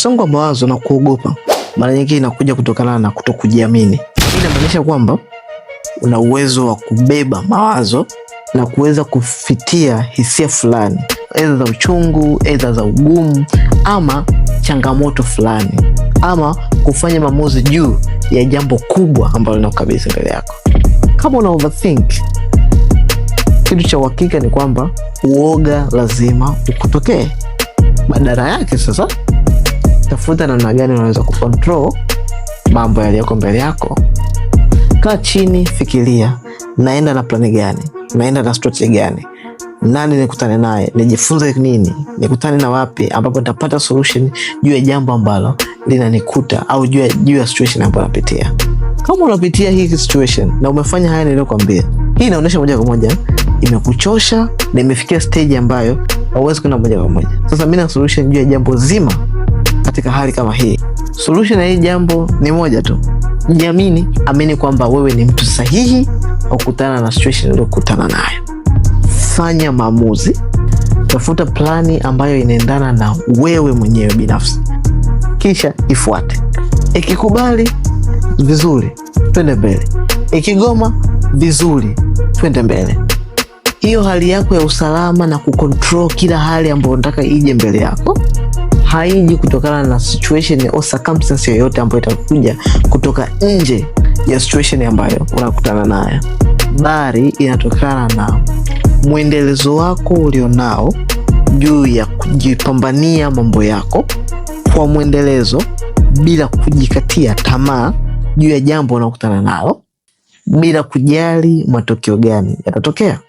Msongo wa mawazo na kuogopa mara nyingi inakuja kutokana na kutokujiamini. Inamaanisha kwamba una uwezo wa kubeba mawazo na kuweza kufitia hisia fulani, aidha za uchungu, aidha za ugumu, ama changamoto fulani, ama kufanya maamuzi juu ya jambo kubwa ambalo linakukabili mbele yako. Kama una overthink, kitu cha uhakika ni kwamba uoga lazima ukutokee. Badala yake sasa tafuta namna gani unaweza kucontrol mambo yaliyoko mbele yako. Kaa chini, fikiria, naenda na plani gani? Naenda na strategy gani? Nani nikutane naye? Nijifunze nini? Nikutane na wapi ambapo nitapata solution juu ya jambo ambalo linanikuta au juu ya situation ambayo napitia. Kama unapitia hii situation na umefanya haya niliyokwambia, hii inaonyesha moja kwa moja imekuchosha na imefikia stage ambayo hauwezi kwenda moja kwa moja. Sasa mimi na solution juu ya jambo zima katika hali kama hii? Solution ya hii jambo ni moja tu, jiamini, amini kwamba wewe ni mtu sahihi wa kukutana na situation uliyokutana nayo. Fanya maamuzi, tafuta plani ambayo inaendana na wewe mwenyewe binafsi, kisha ifuate. Ikikubali vizuri, twende mbele. Ikigoma vizuri, twende mbele. Hiyo hali yako ya usalama na kukontrol kila hali ambayo unataka ije mbele yako haiji kutokana na situation au circumstance yoyote ambayo itakuja kutoka nje ya situation ambayo unakutana nayo, bali inatokana na mwendelezo wako ulionao juu ya kujipambania mambo yako kwa mwendelezo, bila kujikatia tamaa juu ya jambo unakutana nalo, bila kujali matokeo gani yatatokea.